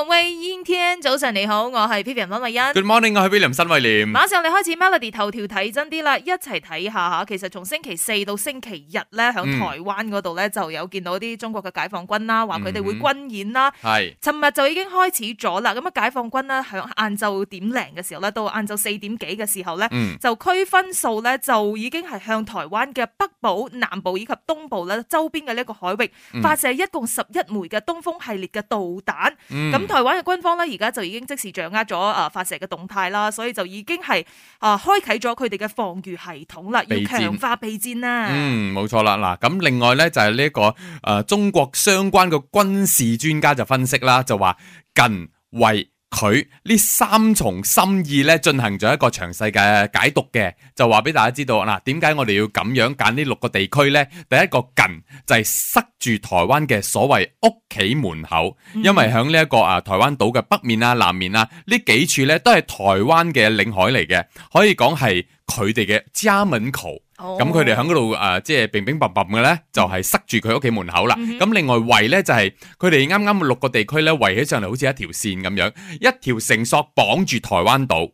各位 n t 早上你好，我係 Perry 温慧欣。Good morning，我係 William 新慧廉。馬上嚟開始 Melody 頭條睇真啲啦，一齊睇下吓。其實從星期四到星期日咧，響台灣嗰度咧就有見到啲中國嘅解放軍啦，話佢哋會軍演啦。係、嗯。尋日就已經開始咗啦，咁啊解放軍咧響晏晝點零嘅時候咧，到晏晝四點幾嘅時候咧，嗯、就區分數咧就已經係向台灣嘅北部、南部以及東部咧周邊嘅呢個海域發射一共十一枚嘅東風系列嘅導彈。咁、嗯嗯台灣嘅軍方咧，而家就已經即時掌握咗啊、呃、發射嘅動態啦，所以就已經係啊、呃、開啟咗佢哋嘅防禦系統啦，備戰，要強化備戰啦。嗯，冇錯啦，嗱，咁另外咧就係呢一個誒、呃、中國相關嘅軍事專家就分析啦，就話近衛。佢呢三重心意咧，進行咗一個詳細嘅解讀嘅，就話俾大家知道嗱，點解我哋要咁樣揀呢六個地區呢？第一個近就係、是，塞住台灣嘅所謂屋企門口，因為喺呢一個啊台灣島嘅北面啊、南面啊呢幾處呢，都係台灣嘅領海嚟嘅，可以講係佢哋嘅家門口。咁佢哋喺嗰度誒，即係乒乒乓乓嘅咧，就係、是就是、塞住佢屋企門口啦。咁、嗯、哼另外圍咧就係佢哋啱啱六個地區咧圍起上嚟，好似一條線咁樣，一條繩索綁住台灣島。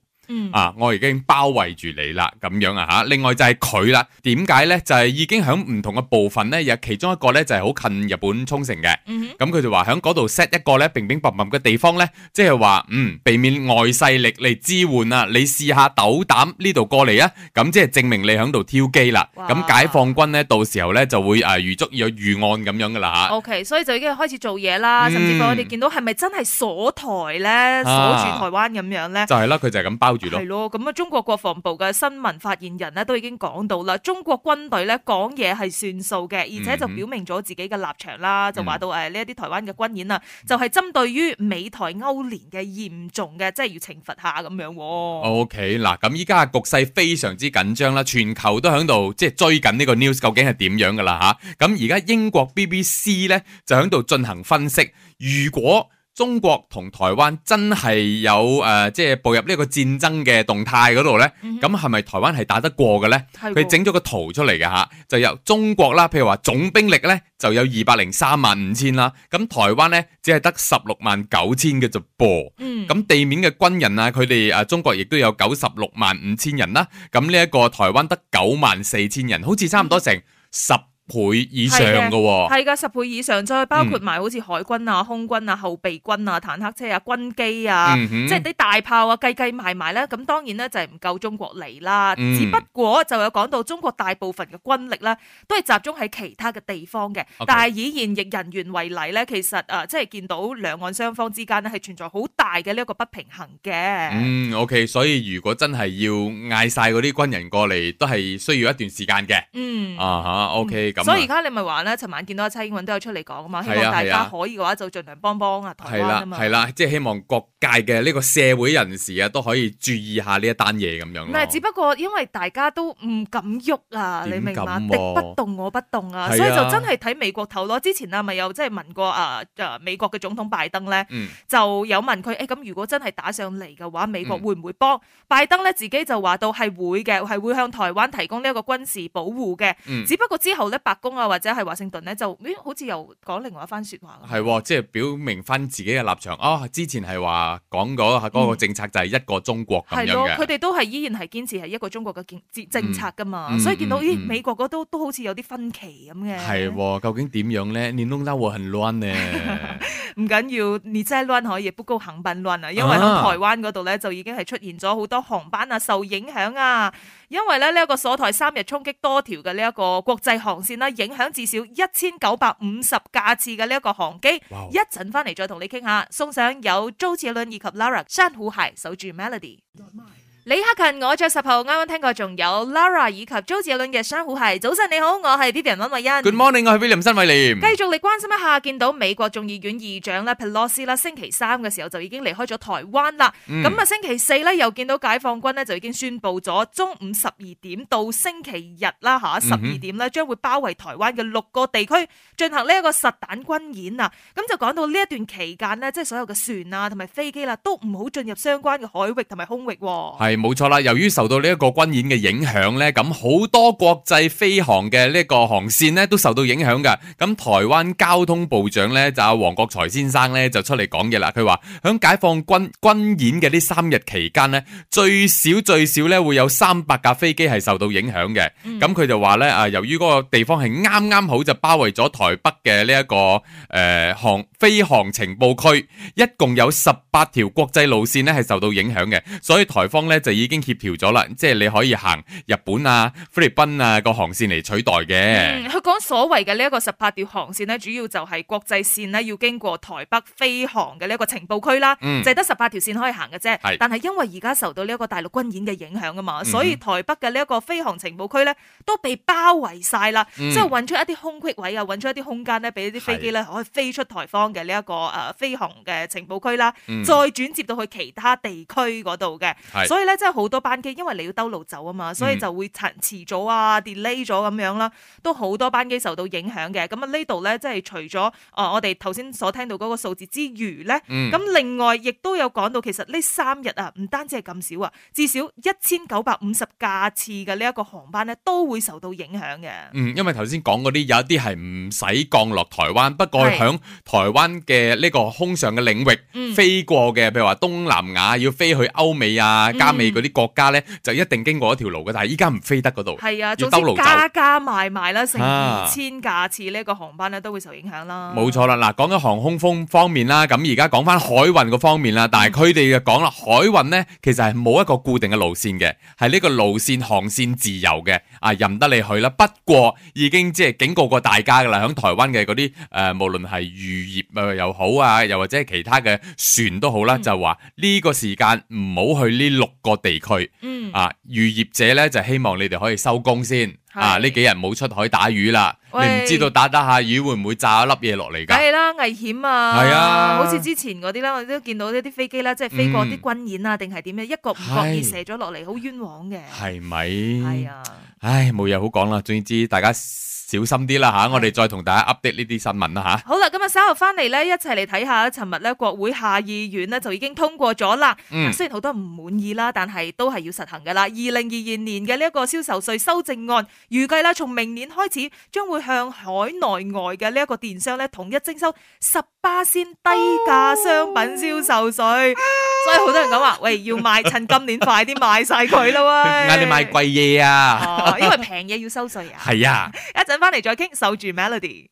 啊，我已經包圍住你啦，咁樣啊吓。另外就係佢啦，點解咧？就係、是、已經響唔同嘅部分咧，有其中一個咧就係好近日本沖繩嘅。咁佢、嗯哼嗯、就話響嗰度 set 一個咧，平冰白白嘅地方咧，即係話嗯，避免外勢力嚟支援啊。你試下斗膽呢度過嚟啊，咁即係證明你響度挑機啦。咁哇解放軍咧，到時候咧就會誒預足有預案咁樣噶啦吓。O、okay, K，所以就已經開始做嘢啦，嗯、甚至乎我哋見到係咪真係鎖台咧，鎖、啊、住台灣咁樣咧？就係啦，佢就係咁包。係咯，咁啊，中國國防部嘅新聞發言人咧都已經講到啦，中國軍隊咧講嘢係算數嘅，而且就表明咗自己嘅立場啦，嗯，就話到誒呢一啲台灣嘅軍演啊，就係針對於美台歐聯嘅嚴重嘅，即係要懲罰下咁樣。OK，嗱，咁依家嘅局勢非常之緊張啦，全球都響度即係追緊呢個 news 究竟係點樣噶啦吓，咁而家英國 BBC 咧就響度進行分析，如果。中國同台灣真係有誒、呃，即係步入呢一個戰爭嘅動態嗰度呢？咁係咪台灣係打得過嘅呢？佢整咗個圖出嚟嘅嚇，就由中國啦，譬如話總兵力呢，就有二百零三萬五千啦，咁台灣呢，只係得十六萬九千嘅啫噃。咁、嗯、地面嘅軍人啊，佢哋誒中國亦都有九十六萬五千人啦，咁呢一個台灣得九萬四千人，好似差唔多成十倍以上嘅，係噶十倍以上，再、嗯、包括埋好似海軍啊、空軍啊、後備軍啊、坦克車啊、軍機啊，嗯、嗯哼即係啲大炮啊，計計埋埋咧。咁當然咧就係唔夠中國嚟啦。嗯、只不過就有講到中國大部分嘅軍力咧都係集中喺其他嘅地方嘅。嗯、但係以現役人員為例咧，其實誒即係見到兩岸雙方之間咧係存在好大嘅呢一個不平衡嘅。嗯，OK，所以如果真係要嗌晒嗰啲軍人過嚟，都係需要一段時間嘅。嗯、嗯啊，啊吓，OK。啊、所以而家你咪話咧，尋晚見到阿差英文都有出嚟講啊嘛，希望大家可以嘅話就盡量幫幫啊台灣啊嘛，啦、啊啊啊，即係希望各界嘅呢個社會人士啊都可以注意下呢一單嘢咁樣，唔係只不過因為大家都唔敢喐啊，啊你明嗎？敵不動我不動啊，啊所以就真係睇美國頭咯。之前啊咪有即係問過啊美國嘅總統拜登咧，嗯、就有問佢誒咁，欸、如果真係打上嚟嘅話美國會唔會幫、嗯、拜登咧？自己就話到係會嘅，係會向台灣提供呢一個軍事保護嘅。只不過之後咧。白宮啊，或者係華盛頓咧，就咦、哎、好似又講另外一番説話。係喎、哦，即係表明翻自己嘅立場。啊、哦，之前係話講咗，嗰個政策就係一個中國咁樣嘅。係咯、嗯，佢哋、哦、都係依然係堅持係一個中國嘅政政策噶嘛。嗯、所以見到咦、哎嗯嗯、美國嗰度都好似有啲分歧咁嘅。係喎、哦，究竟點樣咧？亂東山會很亂呢？唔、啊、 緊要，你再亂可以不夠航班亂啊。因為喺台灣嗰度咧，就已經係出現咗好多航班啊，受影響啊。因為咧呢一個鎖台三日衝擊多條嘅呢一個國際航線啦，影響至少一千九百五十架次嘅呢一個航機。Wow. 一陣翻嚟再同你傾下，送上有周杰倫以及 Lara 珊瑚海守住 Melody。李克勤，我着十號，啱啱聽過，仲有 Lara u 以及 j 周杰倫嘅《珊瑚海》。早晨你好，我係 Vivian 温偉欣。Good morning，我係 William 申偉廉。繼續嚟關心一下，見到美國眾議院議長咧 Pelosi 啦，星期三嘅時候就已經離開咗台灣啦。咁啊、嗯，星期四咧又見到解放軍呢，就已經宣布咗中午十二點到星期日啦吓十二點呢，將會包圍台灣嘅六個地區進行呢一個實彈軍演啊。咁就講到呢一段期間呢，即係所有嘅船啊同埋飛機啦都唔好進入相關嘅海域同埋空域。係。冇錯啦，由於受到呢一個軍演嘅影響呢，咁好多國際飛航嘅呢一個航線呢都受到影響嘅。咁台灣交通部長呢，就阿黃國財先生呢，就出嚟講嘢啦，佢話響解放軍軍演嘅呢三日期間呢，最少最少呢會有三百架飛機係受到影響嘅。咁佢、嗯、就話呢，啊，由於嗰個地方係啱啱好就包圍咗台北嘅呢一個誒航、呃、飛航情報區，一共有十八條國際路線咧係受到影響嘅，所以台方呢。就已經協調咗啦，即係你可以行日本啊、菲律賓啊個航線嚟取代嘅。嗯，佢講所謂嘅呢一個十八條航線呢，主要就係國際線呢，要經過台北飛航嘅呢一個情報區啦。就係得十八條線可以行嘅啫。是但係因為而家受到呢一個大陸軍演嘅影響啊嘛，嗯、所以台北嘅呢一個飛航情報區呢，都被包圍晒啦，即係揾出一啲空隙位啊，揾出一啲空間呢，俾啲飛機呢，可以飛出台方嘅呢一個誒飛航嘅情報區啦，是再轉接到去其他地區嗰度嘅。是所以呢。即係好多班機，因為你要兜路走啊嘛，所以就會遲咗啊、delay 咗咁樣啦，都好多班機受到影響嘅。咁啊呢度咧，即係除咗誒、呃、我哋頭先所聽到嗰個數字之餘咧，咁、嗯、另外亦都有講到，其實呢三日啊，唔單止係咁少啊，至少一千九百五十架次嘅呢一個航班咧，都會受到影響嘅。嗯，因為頭先講嗰啲有一啲係唔使降落台灣，不過響台灣嘅呢個空上嘅領域是、嗯、飛過嘅，譬如話東南亞要飛去歐美啊、嗯美嗰啲國家咧，就一定經過一條路嘅，但係依家唔飛得嗰度，係啊，要兜路走，加加埋埋啦，成二千架次呢個航班咧都會受影響、啊、啦。冇錯啦，嗱講緊航空方方面啦，咁而家講翻海運個方面啦，但係佢哋嘅講啦， 海運咧其實係冇一個固定嘅路線嘅，係呢個路線航線自由嘅，啊任得你去啦。不過已經即係警告過大家嘅啦，喺台灣嘅嗰啲誒，無論係漁業啊又好啊，又或者其他嘅船都好啦，嗯、就話呢個時間唔好去呢六個地區，嗯、啊，漁業者咧就希望你哋可以收工先，是啊，呢幾日冇出海打魚啦，喂你唔知道打得打下魚會唔會炸一粒嘢落嚟噶？係啦，危險啊！係啊，好似之前嗰啲啦，我哋都見到呢啲飛機啦，即係飛過啲軍演啊，定係點樣，一個唔覺意射咗落嚟，好是冤枉嘅。係咪？係啊，唉，冇嘢好講啦，總之大家。小心啲啦吓，的我哋再同大家 update 呢啲新聞啦吓。好啦，咁日稍後翻嚟咧，一齊嚟睇下。尋日咧國會下議院呢，就已經通過咗啦。嗯，雖然好多唔滿意啦，但係都係要實行噶啦。二零二二年嘅呢一個銷售稅修正案，預計啦從明年開始，將會向海內外嘅呢一個電商咧統一徵收十巴仙低價商品銷售稅。哦、所以好多人講話，喂，要賣趁今年快啲賣晒佢咯。喂，點解你賣貴嘢啊？哦，因為平嘢要收稅啊。係啊。 翻嚟再傾，守住 Melody。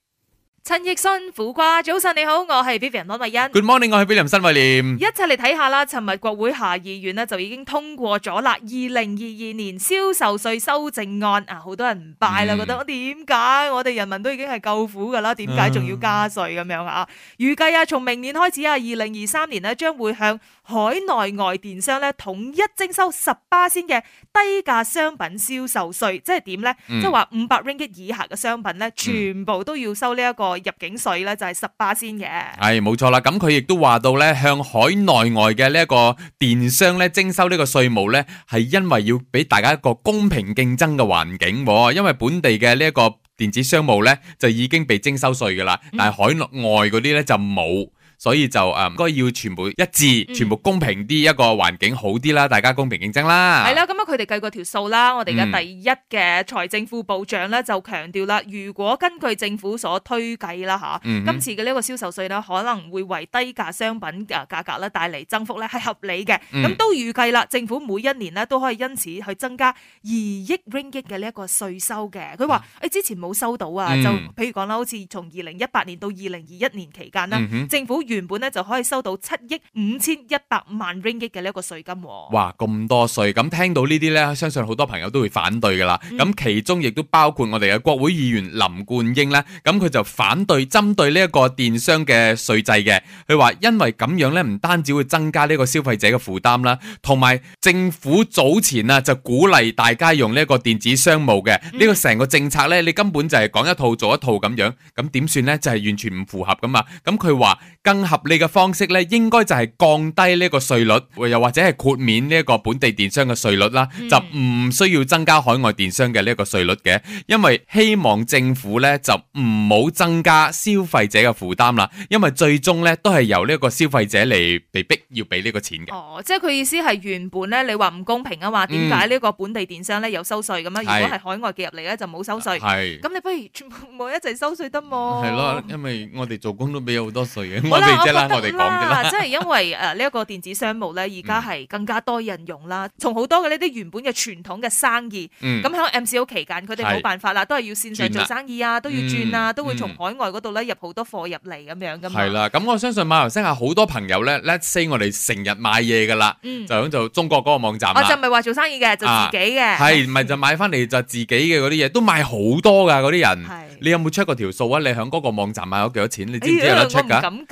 陳奕迅苦瓜，早晨你好，我係 i a n 安慧欣。Good morning，我係 B B 人申慧廉。一齊嚟睇下啦，今日國會下議院呢就已經通過咗啦。二零二二年銷售稅修正案啊，好多人唔拜啦，嗯、覺得我點解我哋人民都已經係夠苦噶啦，點解仲要加稅咁樣啊？嗯、預計啊，從明年開始啊，二零二三年呢將會向。海內外電商咧統一徵收十巴仙嘅低價商品銷售稅，即係點呢？嗯、即係話五百 ringgit 以下嘅商品咧，嗯、全部都要收呢一個入境稅咧，就係十巴仙嘅。係冇錯啦，咁佢亦都話到咧，向海內外嘅呢一個電商咧徵收個稅呢個稅務咧，係因為要俾大家一個公平競爭嘅環境，哦，因為本地嘅呢一個電子商務咧就已經被徵收稅噶啦，嗯、但係海外嗰啲咧就冇。所以就誒，唔、嗯、該要全部一致，嗯、全部公平啲，一個環境好啲啦，大家公平競爭啦。係啦，咁樣。佢哋計過條數啦，我哋而家第一嘅財政副部長咧就強調啦，如果根據政府所推計啦吓，mm hmm. 今次嘅呢個銷售稅咧可能會為低價商品嘅價格咧帶嚟增幅咧係合理嘅，咁、mm hmm. 都預計啦，政府每一年呢都可以因此去增加二億 ringgit 嘅呢一個稅收嘅。佢話誒之前冇收到啊，就譬如講啦，好似從二零一八年到二零二一年期間啦，mm hmm. 政府原本咧就可以收到七億五千一百萬 ringgit 嘅呢一個稅金。哇，咁多稅，咁聽到呢啲啲相信好多朋友都會反對噶啦。咁其中亦都包括我哋嘅國會議員林冠英咧。咁佢就反對針對呢一個電商嘅稅制嘅。佢話因為咁樣呢，唔單止會增加呢個消費者嘅負擔啦，同埋政府早前啊就鼓勵大家用呢一個電子商務嘅呢個成個政策呢，你根本就係講一套做一套咁樣。咁點算呢？就係完全唔符合噶嘛。咁佢話更合理嘅方式呢，應該就係降低呢個稅率，又或者係豁免呢一個本地電商嘅稅率啦。就唔需要增加海外電商嘅呢一個稅率嘅，因為希望政府咧就唔好增加消費者嘅負擔啦，因為最終咧都係由呢一個消費者嚟，被逼要俾呢個錢嘅。哦，即係佢意思係原本咧你話唔公平啊嘛？點解呢個本地電商咧有收稅咁啊？嗯、如果係海外嘅入嚟咧就冇收稅，係咁是你不如全部冇一齊收稅得冇？係咯，因為我哋做工都俾好多稅嘅。我哋即啦，我哋講嘅即係因為誒呢一個電子商務咧而家係更加多人用啦，嗯嗯，從好多嘅呢啲。原本嘅傳統嘅生意，咁喺 MCO 期間佢哋冇辦法啦，是都係要線上做生意啊，嗯、都要轉啊，都會從海外嗰度咧入好多貨入嚟咁樣噶嘛。係啦、嗯，咁樣我相信馬來西亞好多朋友咧，Let's say 我哋成日買嘢噶啦，嗯、就咁就中國嗰個網站啦。我就唔係話做生意嘅，就自己嘅。係唔係就買翻嚟就自己嘅嗰啲嘢都買好多噶嗰啲人。你有冇 check 過條數啊？你喺嗰個網站買咗幾多錢？你知唔知有得 check 㗎？唔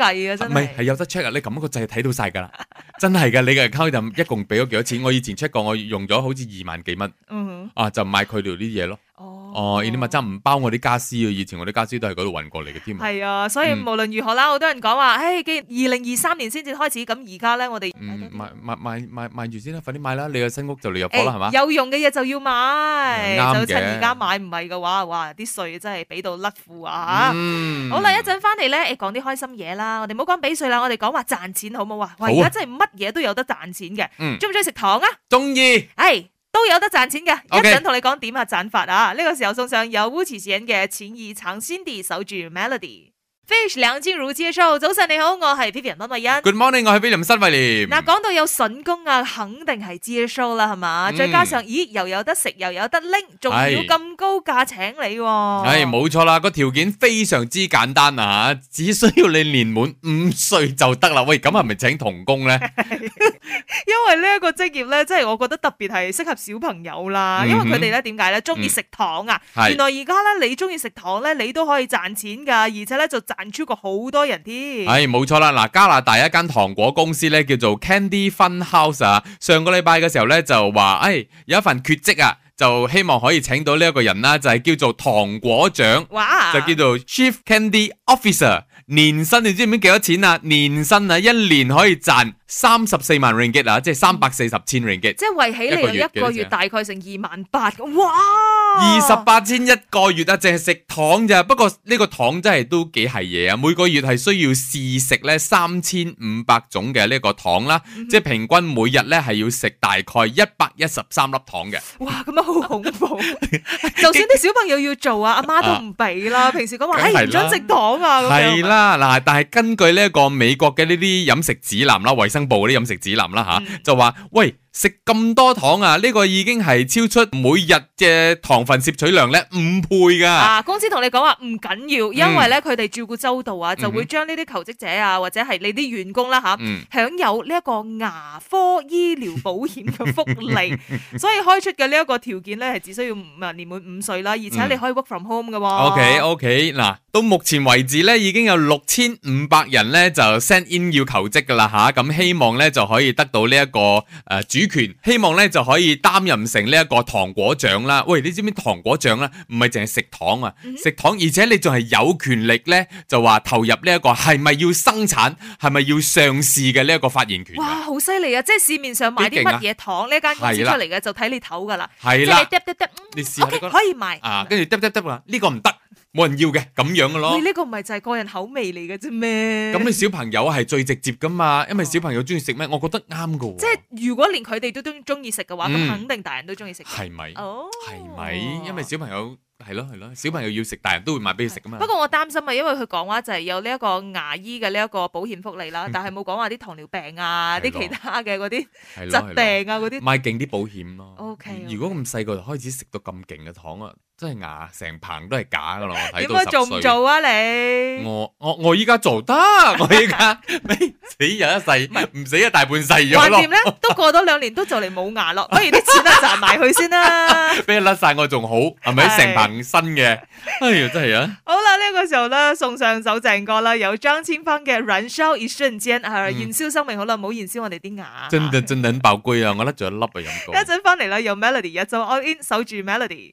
係，係有得 check 啊！你咁個就係睇到晒㗎啦， 真係㗎！你嘅 account 一共俾咗幾多錢？我以前 check 過，我用咗好似二萬幾蚊。嗯哼，啊，就買佢哋啲嘢咯。哦哦，呢啲物真唔包我啲家私啊？以前我啲家私都喺嗰度運過嚟嘅添。係啊，所以無論如何啦，好、嗯、多人講話，誒、哎，二零二三年先至開始，咁而家咧，我哋、嗯、賣賣賣賣住先啦，快啲買啦，你嘅新屋就你入波啦，係嘛、欸？嗎有用嘅嘢就要買，嗯、就趁而家買，唔係嘅話，哇，啲稅真係俾到甩褲啊！吓、嗯，好啦，一陣翻嚟咧，誒，講啲開心嘢啦，我哋唔好講俾稅啦，我哋講話賺錢好唔好啊？哇、嗯，而家真係乜嘢都有得賺錢嘅，中唔中意食糖啊？中意、哎。誒、哎。都有得賺錢嘅，Okay. 一陣同你講點啊賺法啊！呢、這個時候送上有烏池攝影嘅淺意橙先啲守住 melody。兩千五接收。早晨你好，我係菲林溫慧欣。Good morning，我係菲林申慧廉。嗱，講到有筍工啊，肯定係接收啦，係嘛？嗯、再加上咦，又有，有得食，又有，有得拎，仲要咁高價請你喎、啊。係冇錯啦，個條件非常之簡單啊，只需要你年滿五歲就得啦。喂，咁係咪請童工咧？ 因為職呢一個職業咧，即係我覺得特別係適合小朋友啦，嗯、哼因為佢哋咧點解咧中意食糖啊？嗯、原來而家咧你中意食糖咧，你都、啊、可以賺錢噶，而且咧就賺。出過好多人添，哎，冇錯啦嗱，加拿大一間糖果公司咧，叫做 Candy Fun House 啊，上個禮拜嘅時候咧就話，哎，有一份缺職啊，就希望可以請到呢一個人啦、啊，就係、是、叫做糖果長，哇就叫做 Chief Candy Officer。年薪你知唔知幾多錢啊？年薪啊，一年可以賺三十四萬 ringgit 啊，即係三百四十千 ringgit，即係圍起嚟，一個月大概成二萬八，哇！二十八千一個月啊，淨係食糖咋？不過呢個糖真係都幾係嘢啊！每個月係需要試食咧三千五百種嘅呢個糖啦，即係平均每日咧係要食大概一百一十三粒糖嘅。哇！咁樣好恐怖， 就算啲小朋友要做啊，阿媽都唔俾。啦平時講話，誒，唔准食糖啊，咁樣。係啦。啦嗱，但係根據呢一個美國嘅呢啲飲食指南啦，衛生部啲飲食指南啦吓，啊嗯、就話：喂。食咁多糖啊！呢個已經係超出每日嘅糖分攝取量咧五倍噶。啊，公司同你講話唔緊要，因為咧佢哋照顧周到啊，就會將呢啲求職者啊，或者係你啲員工啦吓，享有呢一個牙科醫療保險嘅福利。所以開出嘅呢一個條件咧，係只需要啊年滿五歲啦，而且你可以 work from home 噶。OK OK，嗱，到目前為止咧，已經有六千五百人咧就 send in 要求職噶啦吓，咁希望咧就可以得到呢一個誒主。主權希望咧就可以擔任成呢一個糖果獎啦。喂，你知唔知糖果獎咧？唔係淨係食糖啊，食、hmm. 糖，而且你仲係有權力咧就話投入呢一個係咪要生產，係咪、mm hmm. 要上市嘅呢一個發言權？哇，好犀利啊！即係市面上買啲乜嘢糖呢間公司出嚟嘅就睇你頭噶啦。係啦的，你試？O K 可以賣啊，跟住得得得啦，呢、這個唔得。冇人要嘅咁樣嘅咯，呢、這個唔係就係個人口味嚟嘅啫咩？咁你小朋友係最直接噶嘛，因為小朋友中意食咩，哦、我覺得啱嘅、啊。即係如果連佢哋都中意食嘅話，咁、嗯、肯定大人都中意食。係咪？哦，係咪？因為小朋友係咯係咯，咯，小朋友要食，大人都會買俾佢食噶嘛。不過我擔心啊，因為佢講話就係有呢一個牙醫嘅呢一個保險福利啦，但係冇講話啲糖尿病啊，啲咯其他嘅嗰啲疾病啊，嗰啲買勁啲保險咯。O Okay , K，okay. 如果咁細個就開始食到咁勁嘅糖啊！真係牙成棚都係假噶咯，睇到十點解做唔做啊你？我我我依家做得，我依家死有一世唔死一大半世咗咯。點咧？都過多兩年，都就嚟冇牙咯。不如啲錢啊，賺埋去先啦。俾佢甩晒我仲好，係咪？成棚新嘅，哎呀，真係啊！好啦，呢個時候咧，送上首正歌啦，有張清芳嘅《Run Shall 燃燒一瞬間》，啊，燃燒生命，好啦，唔好燃燒我哋啲牙。真真真寶貴啊！我甩咗一粒啊，飲過。一陣翻嚟啦，有 Melody，一早 all in 守住 Melody。